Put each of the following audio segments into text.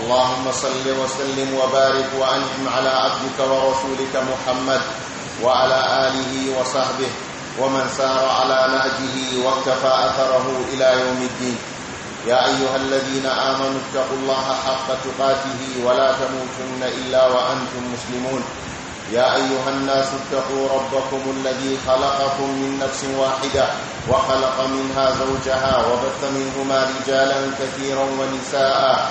اللهم صل وسلم وبارك وأنعم على عبدك ورسولك محمد وعلى آله وصحبه ومن سار على نهجه واكتفى أثره إلى يوم الدين يا أيها الذين آمنوا اتقوا الله حق تقاته ولا تموتن إلا وأنتم مسلمون يا أيها الناس اتقوا ربكم الذي خلقكم من نفس واحدة وخلق منها زوجها وبث منهما رجالا كثيرا ونساء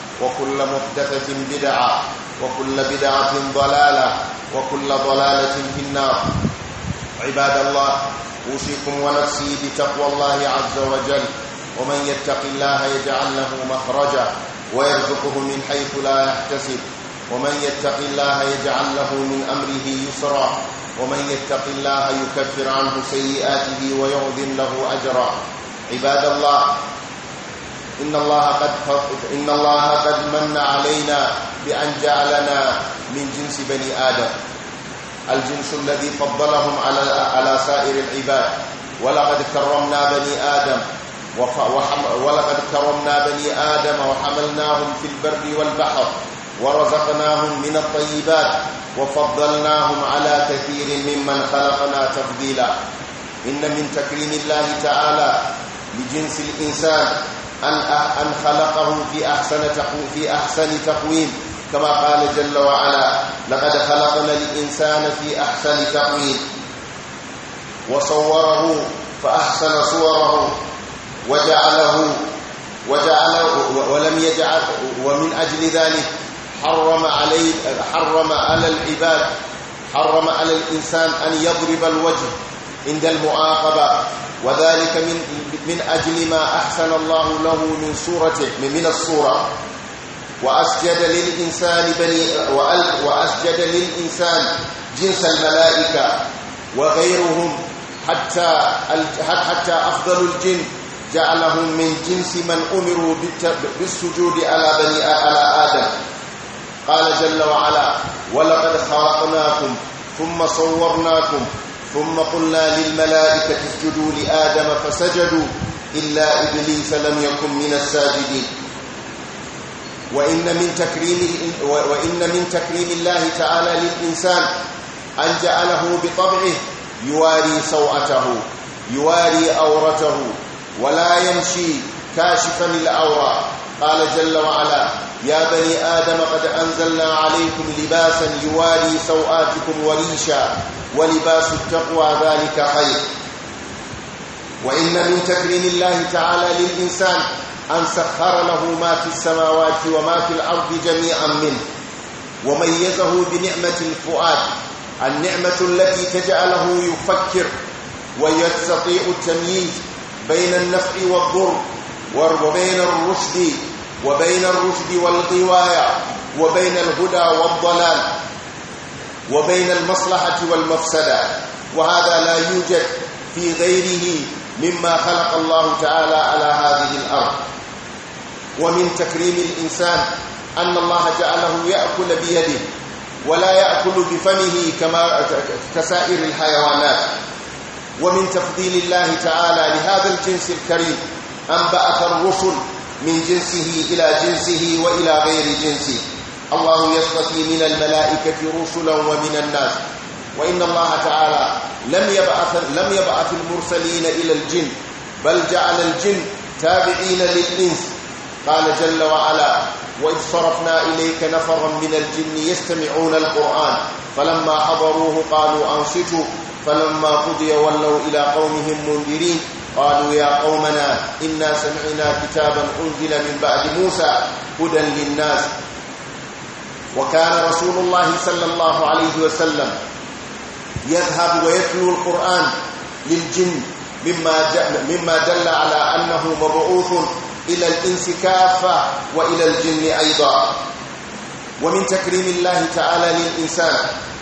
وكل محدثة بدعة وكل بدعة ضلالة وكل ضلالة في النار عباد الله أوصيكم ونفسي بتقوى الله عز وجل ومن يتق الله يجعل له مخرجا ويرزقه من حيث لا يحتسب ومن يتق الله يجعل له من أمره يسرا ومن يتق الله يكفر عنه سيئاته ويعظم له أجرا عباد الله إن الله قد إن الله قد من علينا بأن جعلنا من جنس بني آدم الجنس الذي فضلهم على على سائر العباد ولقد كرمنا بني آدم ولقد كرمنا بني آدم وحملناهم في البر والبحر ورزقناهم من الطيبات وفضلناهم على كثير ممن خلقنا تفضيلا إن من تكريم الله تعالى لجنس الإنسان أن أن خلقهم في أحسن تقويم في أحسن تقويم كما قال جل وعلا لقد خلقنا الإنسان في أحسن تقويم وصوره فأحسن صوره وجعله وجعله ولم يجعل ومن أجل ذلك حرم عليه حرم على العباد حرم على الإنسان أن يضرب الوجه عند المعاقبة وذلك من من أجل ما أحسن الله له من صورته من الصورة وأسجد للإنسان بني وأسجد للإنسان جنس الملائكة وغيرهم حتى حتى أفضل الجن جعلهم من جنس من أمروا بالسجود على بني على آدم قال جل وعلا ولقد خلقناكم ثم صورناكم ثم قلنا للملائكة اسجدوا لآدم فسجدوا إلا إبليس لم يكن من الساجدين وإن من تكريم وإن من تكريم الله تعالى للإنسان أن جعله بطبعه يواري سوءته يواري عورته ولا يمشي كاشفا للعورة قال جل وعلا يا بني آدم قد أنزلنا عليكم لباسا يواري سوآتكم وريشا ولباس التقوى ذلك خير وإن من تكريم الله تعالى للإنسان أن سخر له ما في السماوات وما في الأرض جميعا منه وميزه بنعمة الفؤاد النعمة التي تجعله يفكر ويستطيع التمييز بين النفع والضر وبين الرشد وبين الرشد والغواية وبين الهدى والضلال وبين المصلحة والمفسدة وهذا لا يوجد في غيره مما خلق الله تعالى على هذه الأرض ومن تكريم الإنسان أن الله جعله يأكل بيده ولا يأكل بفمه كما كسائر الحيوانات ومن تفضيل الله تعالى لهذا الجنس الكريم أن بعث الرسل من جنسه إلى جنسه وإلى غير جنسه الله يصطفي من الملائكة رسلا ومن الناس وإن الله تعالى لم يبعث, لم يبعث المرسلين إلى الجن بل جعل الجن تابعين للإنس قال جل وعلا وإذ صرفنا إليك نفرا من الجن يستمعون القرآن فلما حضروه قالوا أنصتوا فلما قضي ولوا إلى قومهم منذرين قالوا يا قومنا إنا سمعنا كتابا أنزل من بعد موسى هدى للناس وكان رسول الله صلى الله عليه وسلم يذهب ويتلو القرآن للجن مما مما دل على أنه مبعوث إلى الإنس كافة وإلى الجن أيضا ومن تكريم الله تعالى للإنسان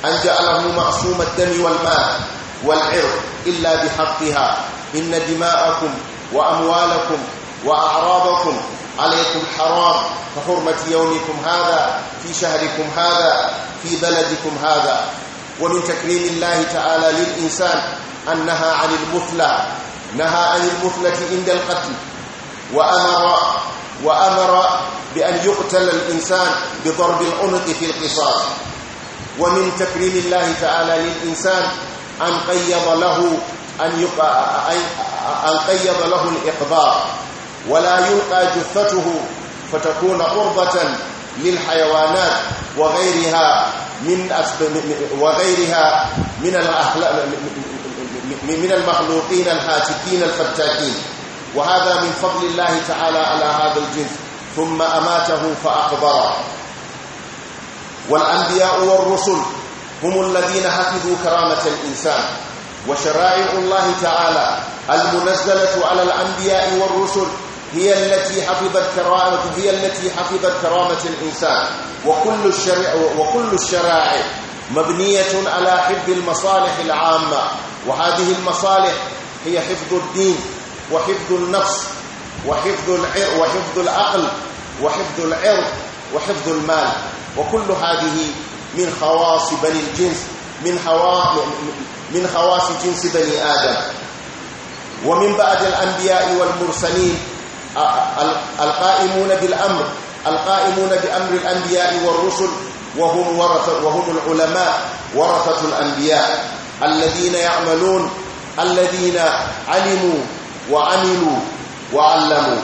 أن جعله معصوم الدم والماء والعرض إلا بحقها إن دماءكم وأموالكم وأعراضكم عليكم حرام كحرمة يومكم هذا في شهركم هذا في بلدكم هذا ومن تكريم الله تعالى للإنسان أن نهى عن المثلى نهى عن المثلة عند القتل وأمر, وأمر بأن يقتل الإنسان بضرب العنق في القصاص ومن تكريم الله تعالى للإنسان أن قيض له أن, أن قيض له الإقبار ولا يلقى جثته فتكون قربة للحيوانات وغيرها من وغيرها من من المخلوقين الهاتكين الفتاكين وهذا من فضل الله تعالى على هذا الجنس ثم أماته فأقبره والأنبياء والرسل هم الذين حفظوا كرامة الإنسان وشرائع الله تعالى المنزلة على الأنبياء والرسل هي التي حفظت كرامة هي التي حفظت كرامة الإنسان وكل الشرع وكل الشرائع مبنية على حفظ المصالح العامة وهذه المصالح هي حفظ الدين وحفظ النفس وحفظ العرض وحفظ العقل وحفظ العرض وحفظ المال وكل هذه من خواص بني الجنس من من خواص جنس بني آدم ومن بعد الأنبياء والمرسلين القائمون بالأمر القائمون بأمر الأنبياء والرسل وهم, ورثة وهم العلماء ورثة الأنبياء الذين يعملون الذين علموا وعملوا وعلموا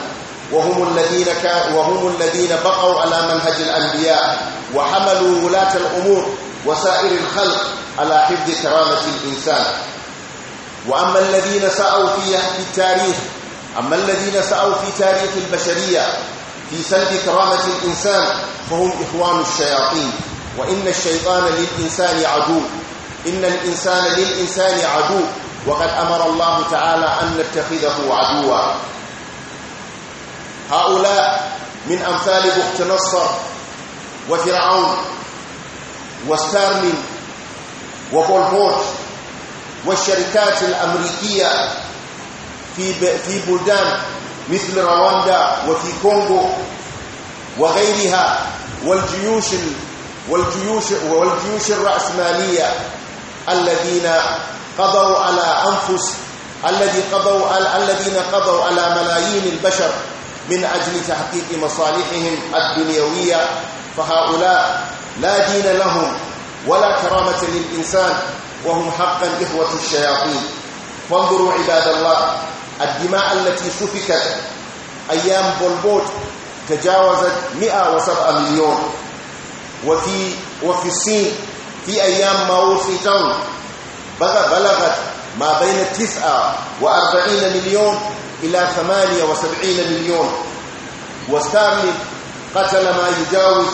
وهم الذين وهم الذين بقوا على منهج الأنبياء وحملوا ولاة الأمور وسائر الخلق على حفظ كرامة الإنسان وأما الذين سعوا في التاريخ أما الذين سعوا في تاريخ البشرية في سلب كرامة الإنسان فهم إخوان الشياطين وإن الشيطان للإنسان عدو إن الإنسان للإنسان عدو وقد أمر الله تعالى أن نتخذه عدوا هؤلاء من أمثال بخت نصر وفرعون وستارمن وبول بوت والشركات الأمريكية في في بلدان مثل رواندا وفي كونغو وغيرها والجيوش والجيوش والجيوش الرأسمالية الذين قضوا على أنفس الذي قضوا الذين قضوا على ملايين البشر من أجل تحقيق مصالحهم الدنيوية فهؤلاء لا دين لهم ولا كرامة للإنسان وهم حقا إخوة الشياطين فانظروا عباد الله الدماء التي سفكت أيام بولبوت تجاوزت 107 مليون وفي, وفي الصين في أيام ماوسي تون بلغت ما بين 49 مليون إلى 78 مليون وستارلين قتل ما يجاوز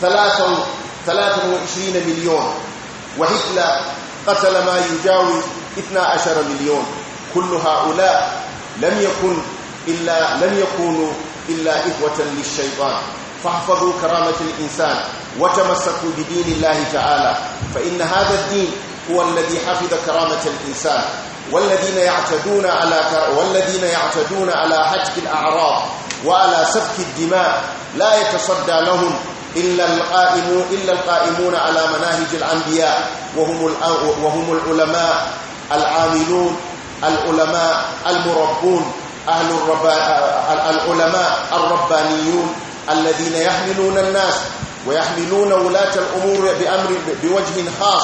ثلاثة 23 مليون وهتلر قتل ما يجاوز 12 مليون كل هؤلاء لم يكن إلا لم يكونوا إلا إخوة للشيطان فاحفظوا كرامة الإنسان وتمسكوا بدين الله تعالى فإن هذا الدين هو الذي حفظ كرامة الإنسان والذين يعتدون على والذين يعتدون على هتك الأعراض وعلى سفك الدماء لا يتصدى لهم إلا القائمون إلا القائمون على مناهج الأنبياء وهم وهم العلماء العاملون العلماء المربون أهل الربا العلماء الربانيون الذين يحملون الناس ويحملون ولاة الأمور بأمر بوجه خاص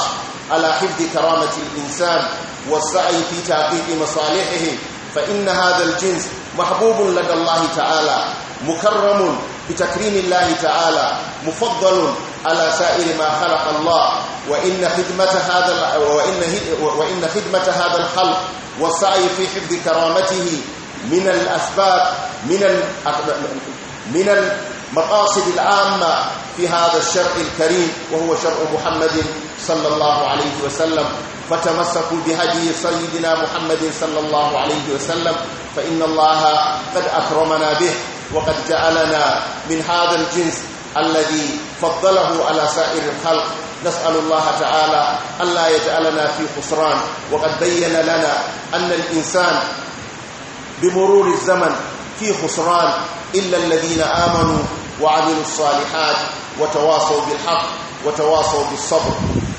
على حفظ كرامة الإنسان والسعي في تحقيق مصالحه فإن هذا الجنس محبوب لدى الله تعالى مكرم بتكريم الله تعالى مفضل على سائر ما خلق الله وإن خدمة هذا وإن وإن خدمة هذا الخلق والسعي في حفظ كرامته من الأسباب من من المقاصد العامة في هذا الشرع الكريم وهو شرع محمد صلى الله عليه وسلم فتمسكوا بهدي سيدنا محمد صلى الله عليه وسلم فإن الله قد أكرمنا به وقد جعلنا من هذا الجنس الذي فضله على سائر الخلق نسأل الله تعالى ألا يجعلنا في خسران وقد بين لنا أن الإنسان بمرور الزمن في خسران إلا الذين آمنوا وعملوا الصالحات وتواصوا بالحق وتواصوا بالصبر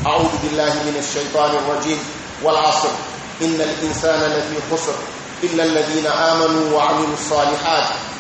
أعوذ بالله من الشيطان الرجيم والعصر إن الإنسان لفي خسر إلا الذين آمنوا وعملوا الصالحات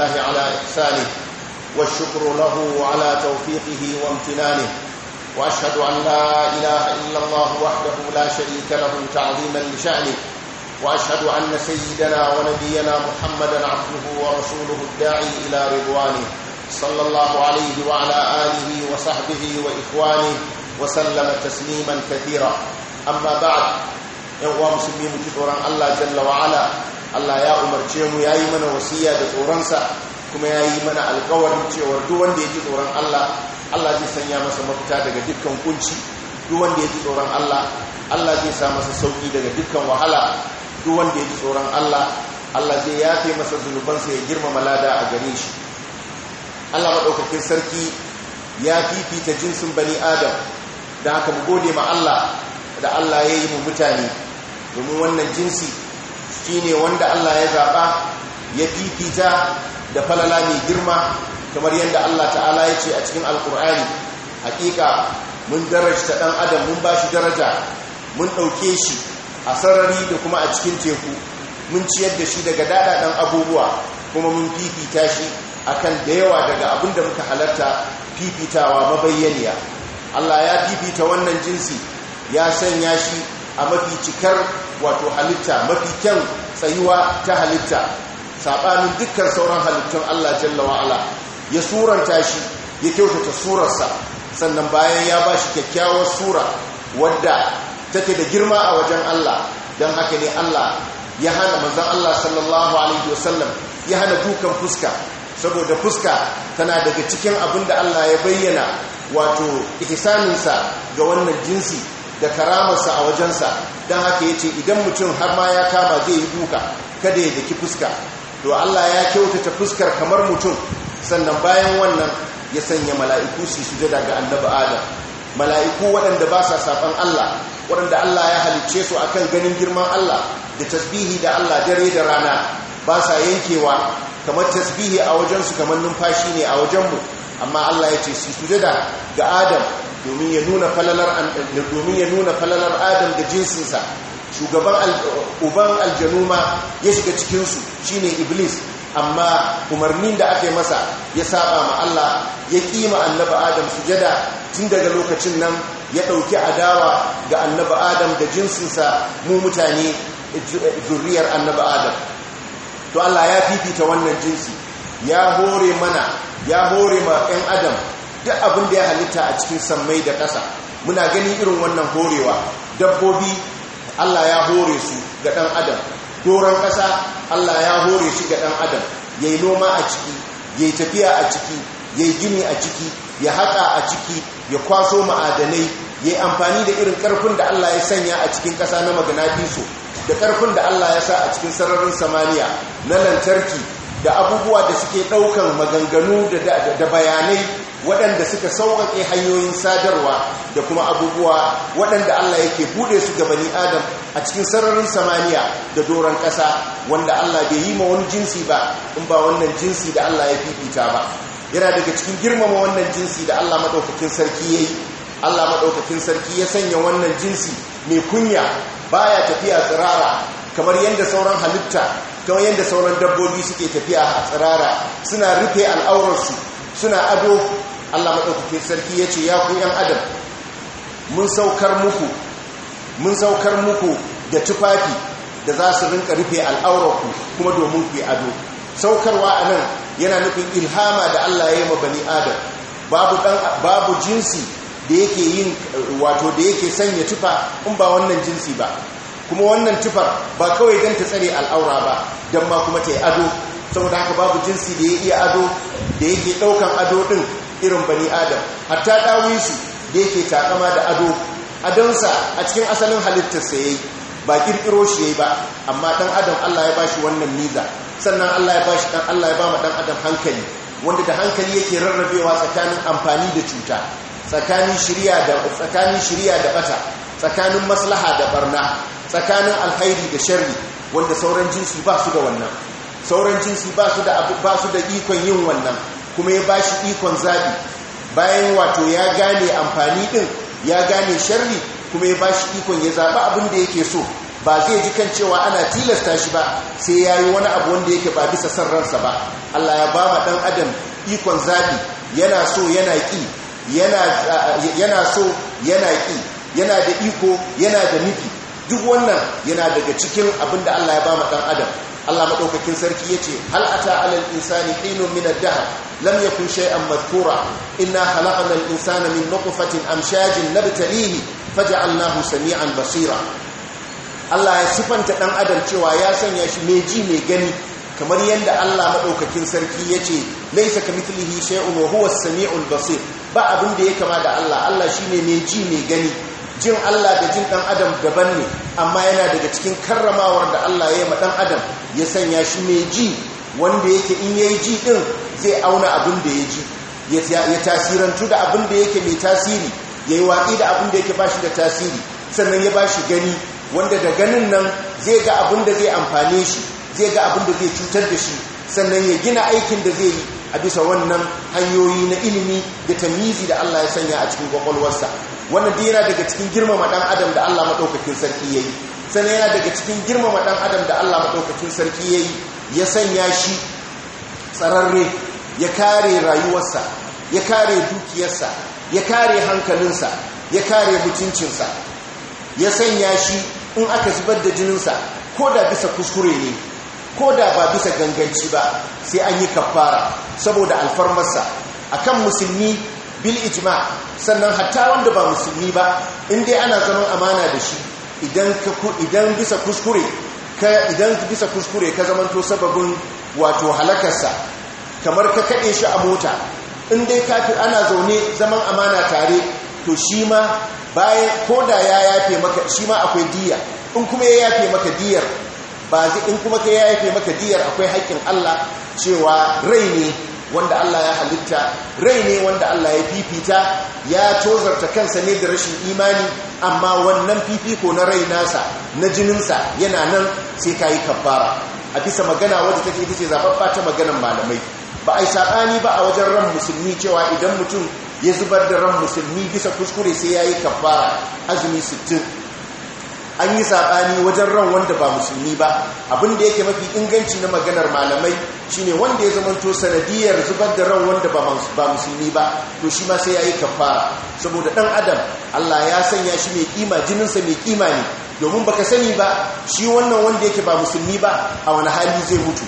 لله على إحسانه والشكر له على توفيقه وامتنانه وأشهد أن لا إله إلا الله وحده لا شريك له تعظيما لشأنه وأشهد أن سيدنا ونبينا محمدا عبده ورسوله الداعي إلى رضوانه صلى الله عليه وعلى آله وصحبه وإخوانه وسلم تسليما كثيرا أما بعد يوم مسلمين جدرا الله جل وعلا Allah ya umarce mu ya yi mana wasiya da tsoronsa kuma ya yi mana alkawarin cewar duk wanda ya ji tsoron Allah Allah zai sanya masa mafita daga dukkan kunci duk wanda ya ji tsoron Allah Allah zai sa masa sauki daga dukkan wahala duk wanda ya ji tsoron Allah Allah zai yafe masa zunubansa ya girmama lada a gare shi Allah maɗaukakin sarki ya fifita jinsin bani adam da haka mu gode ma Allah da Allah ya yi mu mutane domin wannan jinsi ne wanda Allah ya zaɓa ya fifita da falala mai girma kamar yadda Allah ta'ala ya ce a cikin alkur'ani hakika mun darajta ɗan adam mun ba shi daraja mun ɗauke shi a sarari da kuma a cikin teku mun ciyar da shi daga daɗaɗen abubuwa kuma mun fifita shi akan da yawa daga abin da muka halarta fifitawa mabayyaniya Allah ya fifita wannan jinsi ya sanya shi a mafi cikar wato halitta mafi kyan tsayuwa ta halitta saɓanin dukkan sauran halittun Allah jalla wa'ala ya suranta shi ya kyautata surarsa sannan bayan ya ba shi kyakkyawar sura wadda take da girma a wajen Allah don haka ne Allah ya hana manzan Allah sallallahu alaihi wasallam ya hana dukan fuska saboda fuska tana daga cikin abin da Allah ya bayyana wato ikisaninsa ga wannan jinsi da karamarsa a wajensa don haka ya ce idan mutum har ma ya kama zai yi duka kada ya daki fuska to Allah ya kyautata fuskar kamar mutum sannan bayan wannan ya sanya mala'iku su su jada ga annabi adam mala'iku waɗanda ba sa saɓan Allah waɗanda Allah ya halicce su akan ganin girman Allah da tasbihi da Allah dare da rana ba sa yankewa kamar tasbihi a wajensu kamar numfashi ne a wajenmu amma Allah ya ce su jada ga adam domin ya nuna falalar adam da jinsinsa shugaban uban aljanu ma ya shiga cikinsu shine iblis amma umarnin da aka yi masa ya saba ma Allah ya kima annaba adam su jada. tun daga lokacin nan ya ɗauki adawa ga annaba adam da jinsinsa mu mutane zurriyar annaba adam to Allah ya fifita wannan jinsi ya hore mana ya hore ma 'yan adam duk abin da ya halitta a cikin sammai da ƙasa muna gani irin wannan horewa dabbobi Allah ya hore su ga ɗan adam doron ƙasa Allah ya hore shi ga ɗan adam ya yi noma a ciki ya yi tafiya a ciki ya yi gini a ciki ya haƙa a ciki ya kwaso ma'adanai ya yi amfani da irin ƙarfin da Allah ya sanya a cikin ƙasa na maganafiso da ƙarfin da Allah ya sa a cikin sararin samaniya na lantarki da abubuwa da suke ɗaukan maganganu da bayanai waɗanda suka sauƙaƙe hanyoyin sadarwa da kuma abubuwa waɗanda Allah yake buɗe su ga bani adam a cikin sararin samaniya da doron ƙasa wanda Allah bai yi ma wani jinsi ba in ba wannan jinsi da Allah ya fifita ba yana daga cikin girmama wannan jinsi da Allah maɗaukakin sarki ya yi Allah maɗaukakin sarki ya sanya wannan jinsi mai kunya baya tafiya tsirara kamar yadda sauran halitta kamar yadda sauran dabbobi suke tafiya a tsirara suna rufe al'aurarsu suna ado Allah maɗaukake sarki ya ce ya ku ‘yan adam mun saukar muku mun saukar muku da tufafi da za su rinka rufe al'aurarku kuma domin ku yi ado saukarwa a nan yana nufin ilhama da Allah ya yi ma adam babu, jinsi da yake yin wato da yake sanya tufa in ba wannan jinsi ba kuma wannan tufar ba kawai don ta tsare al'aura ba don ma kuma ta yi ado saboda haka babu jinsi da ya iya ado da yake ɗaukan ado ɗin irin bani adam hatta dawisu da yake takama da ado adonsa a cikin asalin halittarsa yayi ba kirkiro shi yayi ba amma dan adam Allah ya bashi wannan niza sannan Allah ya bashi dan Allah ya ba dan adam hankali wanda da hankali yake rarrabewa tsakanin amfani da cuta tsakanin shiriya da tsakanin bata tsakanin maslaha da barna tsakanin alkhairi da sharri wanda sauran jinsi ba su da da ikon yin wannan kuma ya bashi ikon zabi, bayan wato ya gane amfani ɗin ya gane sharri kuma ya ba shi ikon ya zaɓi abin da yake so ba zai ji kan cewa ana tilasta shi ba sai ya yi wani abu wanda yake ba bisa san ransa ba Allah ya ba ma ɗan adam ikon zabi, yana so yana ƙi yana so yana ƙi yana da iko yana da nufi duk wannan yana daga cikin abin da Allah ya ba ɗan adam Allah maɗaukakin sarki ya ce hal ata alal insani ino minar ad-dahr lam kun shay'an madhkura inna khalaqna al-insana min makufatin amshajin na Allah faj'alnahu an basira Allah ya sifanta ɗan adam cewa ya sanya shi mai mai gani kamar yadda Allah maɗaukakin sarki ya ce laisa ka mitlihi shay'un wa huwa sami'un basir ba abin da ya kama da Allah Allah shine mai ji mai gani jin Allah da jin ɗan adam daban ne amma yana daga cikin karramawar da Allah ya yi ɗan adam ya sanya shi mai ji wanda yake in yayi ji din zai auna abin da ya ji ya tasirantu da abin da yake mai tasiri ya yi waƙi da abin da yake shi da tasiri sannan ya ba shi gani wanda da ganin nan zai ga abin da zai amfane shi zai ga abin da zai cutar da shi sannan ya gina aikin da zai yi a bisa wannan hanyoyi na ilimi da tamizi da Allah ya sanya a cikin kwakwalwarsa wannan dai yana daga cikin girmama dan adam da Allah madaukakin sarki yayi sanan yana daga cikin girmama dan adam da Allah madaukakin sarki yayi ya sanya shi tsararre ya kare rayuwarsa ya kare dukiyarsa ya kare hankalinsa ya kare mutuncinsa ya sanya shi in aka zubar da jininsa ko da bisa kuskure ne ko da ba bisa ganganci ba sai an yi kafara saboda alfarmarsa akan musulmi bil ijma sannan hatta wanda ba musulmi ba in ana tsaron amana da shi idan ka idan bisa kuskure ka idan bisa kuskure ka zamanto sababin wato halakarsa kamar ka kade shi a mota in dai kafi ana zaune zaman amana tare to shi ma bayan koda ya yafe maka shi ma akwai diya in kuma ya yafe maka diyar ba in kuma ka ya yafe maka diyar akwai haƙƙin Allah cewa rai ne wanda Allah ya halitta rai ne wanda Allah ya fifita ya tozarta kansa ne da rashin imani amma wannan fifiko na rai nasa na jininsa yana nan sai ka yi kabbara a bisa magana wadda take ita ce zaɓaɓɓa ta maganan malamai ba a yi saɓani ba a wajen ran musulmi cewa idan mutum ya zubar da ran musulmi bisa kuskure sai ya yi kabbara azumi sittin an yi saɓani wajen ran wanda ba musulmi ba abin da yake mafi inganci na maganar malamai shine wanda ya zama to sanadiyar zubar da ran wanda ba musulmi ba to shi ma sai yi kafara saboda dan adam Allah ya sanya shi mai kima jininsa mai kima ne domin baka sani ba shi wannan wanda yake ba musulmi ba a wani hali zai mutu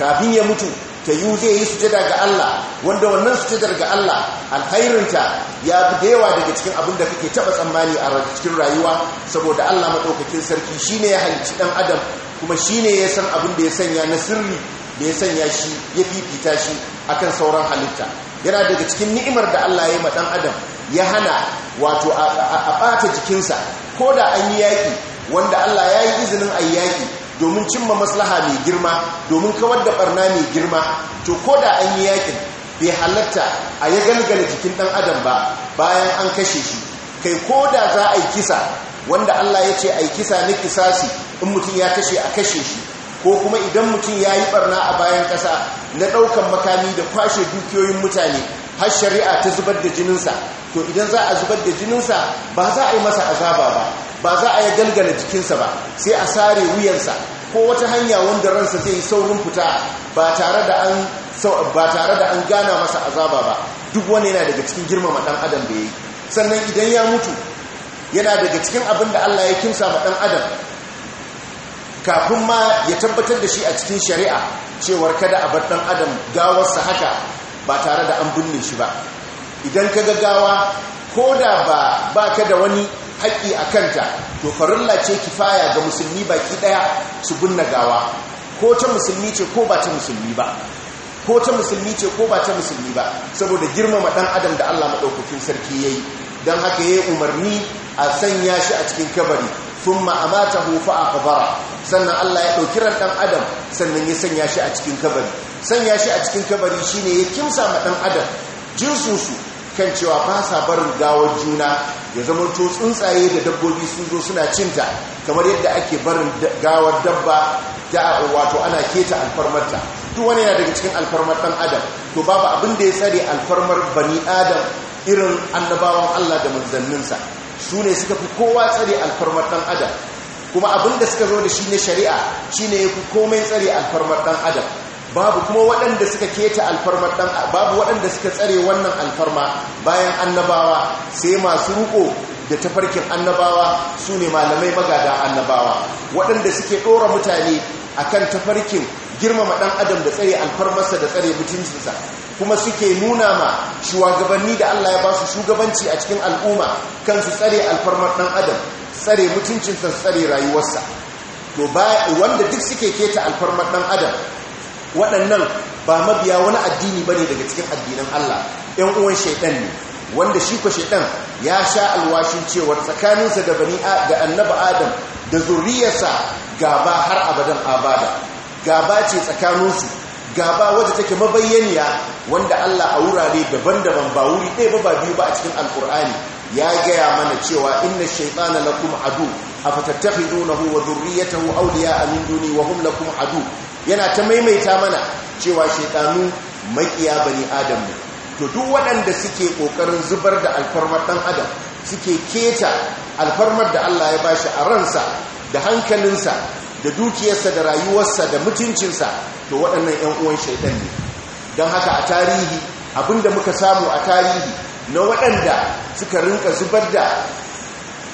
kafin ya mutu ta yi zai yi sujada ga Allah wanda wannan sujadar ga Allah alkhairinta ya fi da yawa daga cikin abin da kake taba tsammani a cikin rayuwa saboda Allah madaukakin sarki shi ne ya halicci dan adam kuma shi ne ya san abin da ya sanya na sirri da ya sanya shi ya fifita shi akan sauran halitta yana daga cikin ni'imar da Allah ya yi matan adam ya hana wato a ɓata jikinsa ko da an yi yaƙi wanda Allah ya yi izinin a yaƙi domin cimma maslaha mai girma domin kawar da ɓarna mai girma to ko da an yi yaƙin bai halatta a ya galgala jikin ɗan adam ba bayan an kashe shi kai ko da za a yi kisa wanda Allah ya ce a yi kisa na kisasi in mutum ya kashe a kashe shi ko kuma idan mutum ya yi barna a bayan ƙasa na ɗaukan makami da kwashe dukiyoyin mutane har shari'a ta zubar da jininsa to idan za a zubar da jininsa ba za a yi masa azaba ba ba za a yi galgala jikinsa ba sai a sare wuyansa ko wata hanya wanda ransa zai yi saurin fita ba tare da an gana masa azaba ba duk wani yana daga cikin girmama ɗan adam da yayi sannan idan ya mutu yana daga cikin abin da Allah ya kimsa ma ɗan adam kafin ma ya tabbatar da shi a cikin shari'a cewar kada a bar ɗan adam gawarsa haka ba tare da an binne shi ba idan ka ga gawa ko da ba ba ka da wani haƙƙi a kanta to farilla ce kifaya ga musulmi baki ɗaya su binne gawa ko ta musulmi ce ko ba ta musulmi ba ko ta musulmi ce ko ba ta musulmi ba saboda girmama ɗan adam da Allah maɗaukakin sarki ya yi don haka ya yi umarni a sanya shi a cikin kabari sun ma'amata hufa a kabara sannan Allah ya ɗauki ran ɗan adam sannan ya sanya shi a cikin kabari sanya shi a cikin kabari shine ya kimsa ma ɗan adam jinsunsu kan cewa ba sa barin gawar juna ya zama to tsuntsaye da dabbobi sun zo suna cinta kamar yadda ake barin gawar dabba da wato ana keta alfarmarta duk wani yana daga cikin alfarmar ɗan adam to babu abin da ya tsare alfarmar bani adam irin annabawan Allah da manzanninsa su ne suka fi kowa tsare alfarmar ɗan adam kuma abin da suka zo da shi ne shari'a shi ne ya fi komai tsare alfarmar ɗan adam babu kuma waɗanda suka keta alfarmar ɗan babu waɗanda suka tsare wannan alfarma bayan annabawa sai masu ruko da tafarkin annabawa su ne malamai magada annabawa waɗanda suke ɗora mutane a akan tafarkin girmama ɗan adam da tsare alfarmarsa da tsare mutuncinsa kuma suke nuna ma shugabanni da Allah ya ba su shugabanci a cikin al'umma kan su tsare alfarmar ɗan adam tsare mutuncinsa tsare rayuwarsa to wanda duk suke keta alfarmar ɗan adam waɗannan ba mabiya wani addini ba ne daga cikin addinan Allah ‘yan uwan shaiɗan ne wanda shi ko shaiɗan ya sha alwashin cewar tsakaninsa da bani da annaba adam da zuriyarsa gaba har abadan abada gaba ce tsakaninsu gaba wadda take mabayyaniya wanda Allah a wurare daban-daban ba wuri ɗaya ba ba biyu ba a cikin alkur'ani ya gaya mana cewa inna shaytana lakum adu afatattakhidunahu wa dhurriyyatahu awliya'a min duni wa hum lakum adu yana ta maimaita mana cewa shaytanu makiya bani adam ne to duk waɗanda suke kokarin zubar da alfarmar dan adam suke keta alfarmar da Allah ya bashi a ransa da hankalinsa da dukiyarsa da rayuwarsa da mutuncinsa to waɗannan yan uwan shaytan ne don haka a tarihi abinda muka samu a tarihi na waɗanda suka rinka zubar da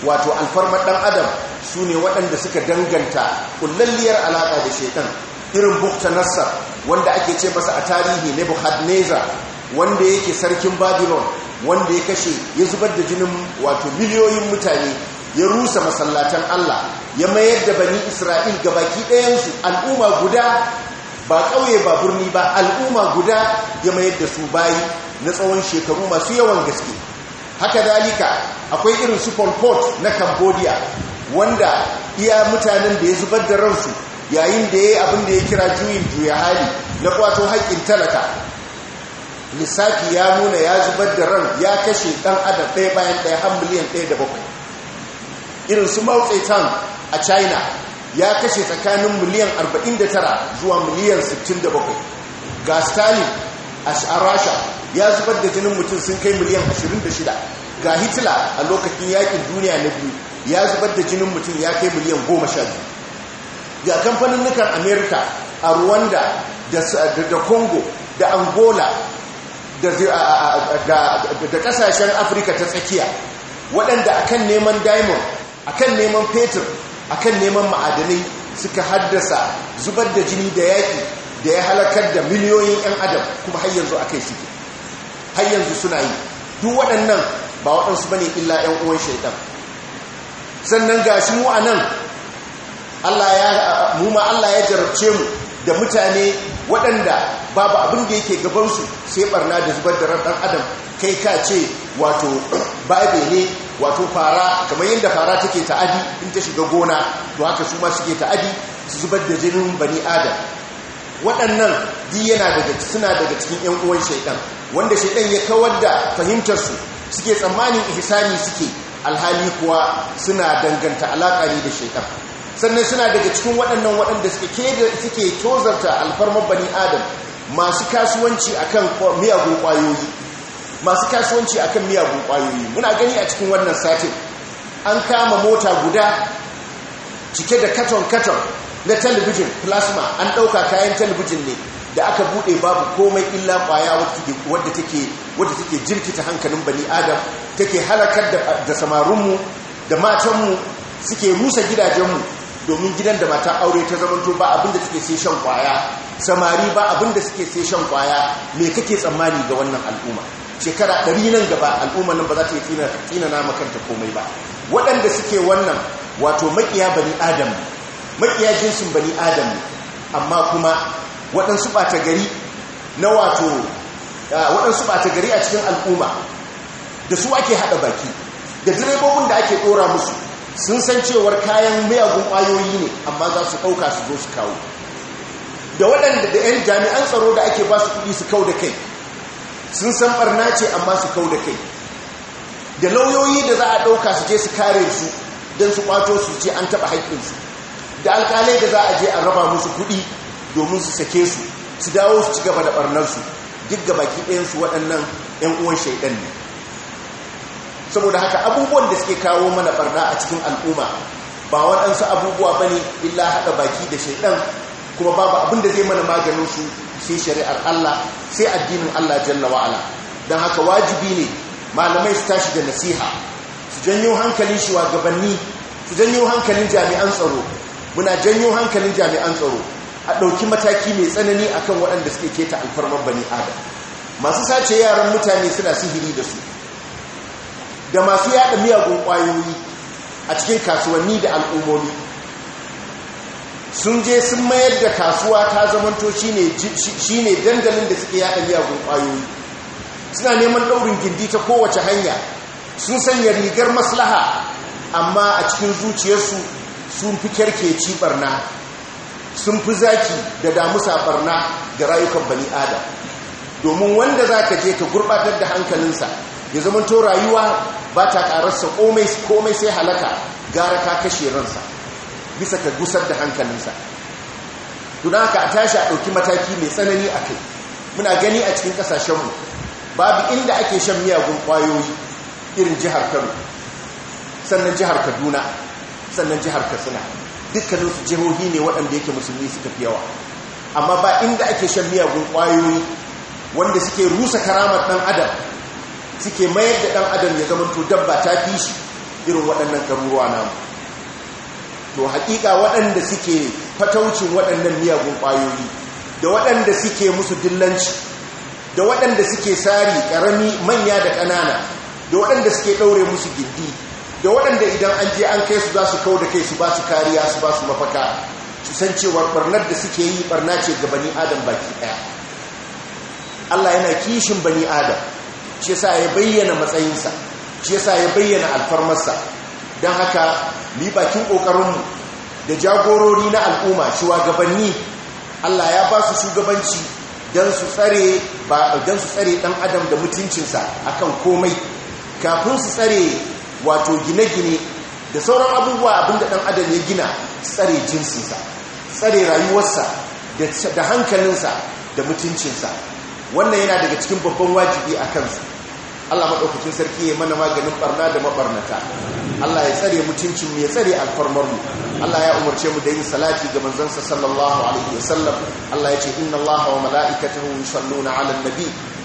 wato alfarmar ɗan adam su ne waɗanda suka danganta kullalliyar alaƙa da shekan irin bukta nassar wanda ake ce masa a tarihi nebuchadnezzar wanda yake sarkin babylon wanda ya kashe ya zubar da jinin wato miliyoyin mutane ya rusa masallatan allah ya mayar da bani isra'il ga baki ɗayansu al'umma guda ba ƙauye ba birni ba al'umma guda ya mayar da su bayi na tsawon shekaru masu yawan gaske haka dalika akwai irin su Pol Pot na Cambodia wanda iya mutanen da ya zubar da ransu yayin da ya yi abin da ya kira juyin juya hali na kwato haƙƙin talaka lissafi ya nuna ya zubar da ran ya kashe ɗan adam ɗaya bayan ɗaya har miliyan ɗaya da bakwai irin su Mao tan a China ya kashe tsakanin miliyan 49 zuwa miliyan 67 ga Stalin a rasha ya zubar da jinin mutum sun kai miliyan 26 ga hitler a lokacin yakin duniya na biyu ya zubar da jinin mutum ya kai miliyan 12 ga kamfanin nukan america a rwanda da congo da angola da kasashen afirka ta tsakiya waɗanda akan neman diamond akan neman fetur akan neman ma'adanai suka haddasa zubar da jini da yaƙi da ya halakar da miliyoyin 'yan adam kuma har yanzu aka yi suke har yanzu suna yi duk waɗannan ba waɗansu ba ne illa 'yan uwan shaidan sannan ga shi mu nan mu ma Allah ya jarabce mu da mutane waɗanda babu abin da yake gabansu sai barna da zubar da ran ɗan adam kai ka ce wato babe ne wato fara kamar yadda fara take ta'adi in ta shiga gona to haka su ma suke ta'adi su zubar da jinin bani adam waɗannan di daga suna daga cikin ‘yan uwan shaidan wanda shaidan ya kawar da fahimtarsu suke tsammanin ihsani suke alhali kuwa suna danganta alaƙa ne da shaidan sannan suna daga cikin waɗannan waɗanda suke tozarta alfarmar bani adam masu kasuwanci akan miyagun ƙwayoyi masu kasuwanci akan miyagun ƙwayoyi muna gani a cikin wannan satin an kama mota guda cike da katon-katon na talabijin plasma an ɗauka kayan talabijin ne da aka buɗe babu komai illa ƙwaya wadda take jirkita hankalin bani adam take halakar da samarinmu da matanmu suke rusa gidajenmu domin gidan da mata aure ta zamanto ba abinda suke sai shan kwaya samari ba abinda suke sai shan ƙwaya me kake tsammani ga wannan al'umma shekara ɗari nan gaba al'umma nan ba za ta yi tsinana makanta komai ba waɗanda suke wannan wato maƙiya bani adam makiya jinsin bani adam amma kuma waɗansu ɓata gari na wato waɗansu ɓata gari a cikin al'umma da su ake haɗa baki da direbobin da ake ɗora musu sun san cewar kayan miyagun ƙwayoyi ne amma za su ɗauka su zo su kawo da waɗanda da 'yan jami'an tsaro da ake ba su kuɗi su kau da kai sun san ɓarna ce amma su kau da kai da lauyoyi da za a ɗauka su je su kare su don su ƙwato su ce an taɓa haƙƙinsu da alkalai da za a je a raba musu kuɗi domin su sake su su dawo su ci gaba da su duk ga baki ɗayansu waɗannan 'yan uwan shaidan ne saboda haka abubuwan da suke kawo mana ɓarna a cikin al'umma ba waɗansu abubuwa ba ne illa haɗa baki da shaidan kuma babu abin da zai mana maganin su sai shari'ar Allah sai addinin Allah jalla wa'ala don haka wajibi ne malamai su tashi da nasiha su janyo hankalin shugabanni su janyo hankalin jami'an tsaro muna janyo hankalin jami'an tsaro a ɗauki mataki mai tsanani akan waɗanda suke keta alfarmar bani adam masu sace yaran mutane suna sihiri da su da masu yaɗa miyagun ƙwayoyi a cikin kasuwanni da al'ummomi sun je sun mayar da kasuwa ta zamanto shi ne dandalin da suke yaɗa miyagun ƙwayoyi suna neman ɗaurin gindi ta kowace hanya sun sanya rigar maslaha amma a cikin zuciyarsu sun fi kyarkeci barna sun fi zaki da damusa barna ga rayukan bani adam domin wanda za ka je ka gurbatar da hankalinsa ya zama to rayuwa ba ta ƙararsa komai sai halaka gara ka kashe ransa bisa ka gusar da hankalinsa tuna ka tashi a ɗauki mataki mai tsanani a kai muna gani a cikin ƙasashenmu babu inda ake shan miyagun ƙwayoyi irin jihar kano sannan jihar kaduna sannan jihar katsina su jihohi ne waɗanda yake musulmi suka fi yawa amma ba inda ake shan miyagun ƙwayoyi wanda suke rusa karamar ɗan adam suke mayar da ɗan adam ya zama to dabba ta fi shi irin waɗannan garuruwa namu to haƙiƙa waɗanda suke fataucin waɗannan miyagun ƙwayoyi da waɗanda suke musu dillanci da waɗanda suke sari ƙarami manya da ƙanana da waɗanda suke ɗaure musu gindi da waɗanda idan an je an kai su za su kau da kai su ba su kariya su ba su mafaka su san cewar barnar da suke yi barna ce ga bani adam baki ɗaya Allah yana kishin bani adam shi sa ya bayyana matsayinsa shi sa ya bayyana alfarmarsa don haka ni bakin ƙoƙarinmu da jagorori na al'umma shugabanni Allah ya ba su shugabanci don su tsare ɗan adam da mutuncinsa akan komai kafin su tsare wato gine-gine da sauran abubuwa abinda ɗan adam ya gina tsare jinsinsa tsare rayuwarsa da hankalinsa da mutuncinsa wannan yana daga cikin babban wajibi a kansa Allah maɗaukacin sarki ya mana maganin ɓarna da maɓarnata Allah ya tsare mutuncin ya tsare alfarmarmu Allah ya umarce mu da yin salati ga manzansa sallallahu alaihi wasallam Allah ya ce inna Allah wa mala'ikatahu yusalluna 'alan nabi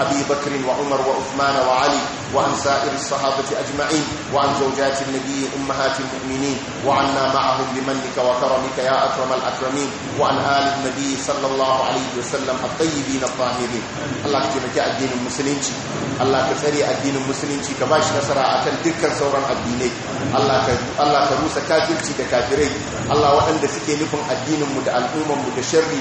أبي بكر وعمر وعثمان وعلي وعن سائر الصحابة أجمعين وعن زوجات النبي أمهات المؤمنين وعنا معهم بمنك وكرمك يا أكرم الأكرمين وعن آل النبي صلى الله عليه وسلم الطيبين الطاهرين الله كتبك الدين المسلمين الله كثري الدين المسلمين كباش نصر أكل دكا سورا الديني الله كروس كافرتي كافرين الله وأن دسكي نفن الدين المدعى الأمم مدى شري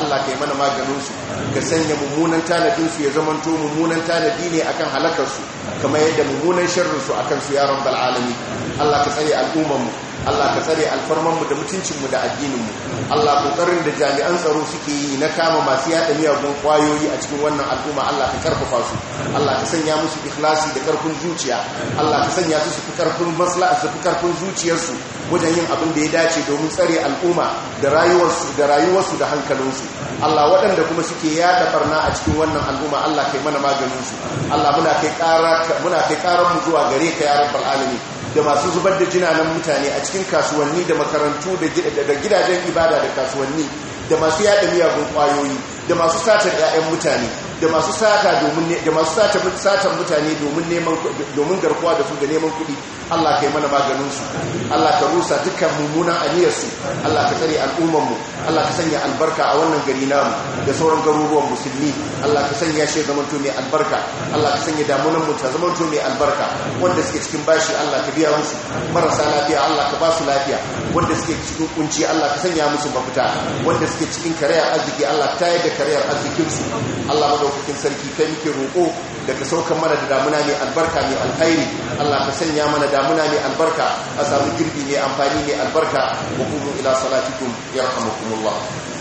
الله كيمان ما جنوسي كسن يممونا تانا جنسي to mummunan tanadi ne akan halakarsu kamar yadda mummunan sharrinsu akan su ya bal'alami alamin Allah ka tsare al'ummarmu Allah ka tsare alfarmanmu da mutuncinmu da addininmu Allah kokarin da jami'an tsaro suke yi na kama masu yada miyagun kwayoyi a cikin wannan al'umma Allah ka karfafa su Allah ka sanya musu ikhlasi da karfin zuciya Allah ka sanya su su fi karfin maslaha su fi karfin zuciyarsu wajen yin abin da ya dace domin tsare al'umma da rayuwarsu da rayuwarsu da hankalinsu Allah waɗanda kuma suke yada barna a cikin wannan al'umma Allah kai mana maganinsu Allah muna kai ƙarar mu zuwa gare ka ya rabbal da masu zubar da jinanan mutane a cikin kasuwanni da makarantu da gidajen ibada da kasuwanni da masu yaɗa miyagun kwayoyi da masu satar 'ya'yan mutane da masu sata domin da masu sata satan mutane domin neman domin garkuwa da su da neman kuɗi Allah kai mana maganin su Allah ka rusa dukkan mummunan aniyar su Allah ka tsare al'umman mu Allah ka sanya albarka a wannan gari namu da sauran garuruwan musulmi Allah ka sanya shi zaman to mai albarka Allah ka sanya damunan mu ta zaman to mai albarka wanda suke cikin bashi Allah ka biya musu marasa lafiya Allah ka ba su lafiya wanda suke cikin kunci Allah ka sanya musu mafita wanda suke cikin kariyar arziki Allah ta yi da karayar arzikin su Allah madaukakin sarki kai muke roƙo da ka saukan mana da damuna mai albarka mai alkhairi Allah ka sanya mana damuna mai albarka a samu girbi mai amfani mai albarka wa qulu ila salatikum yarhamukumullah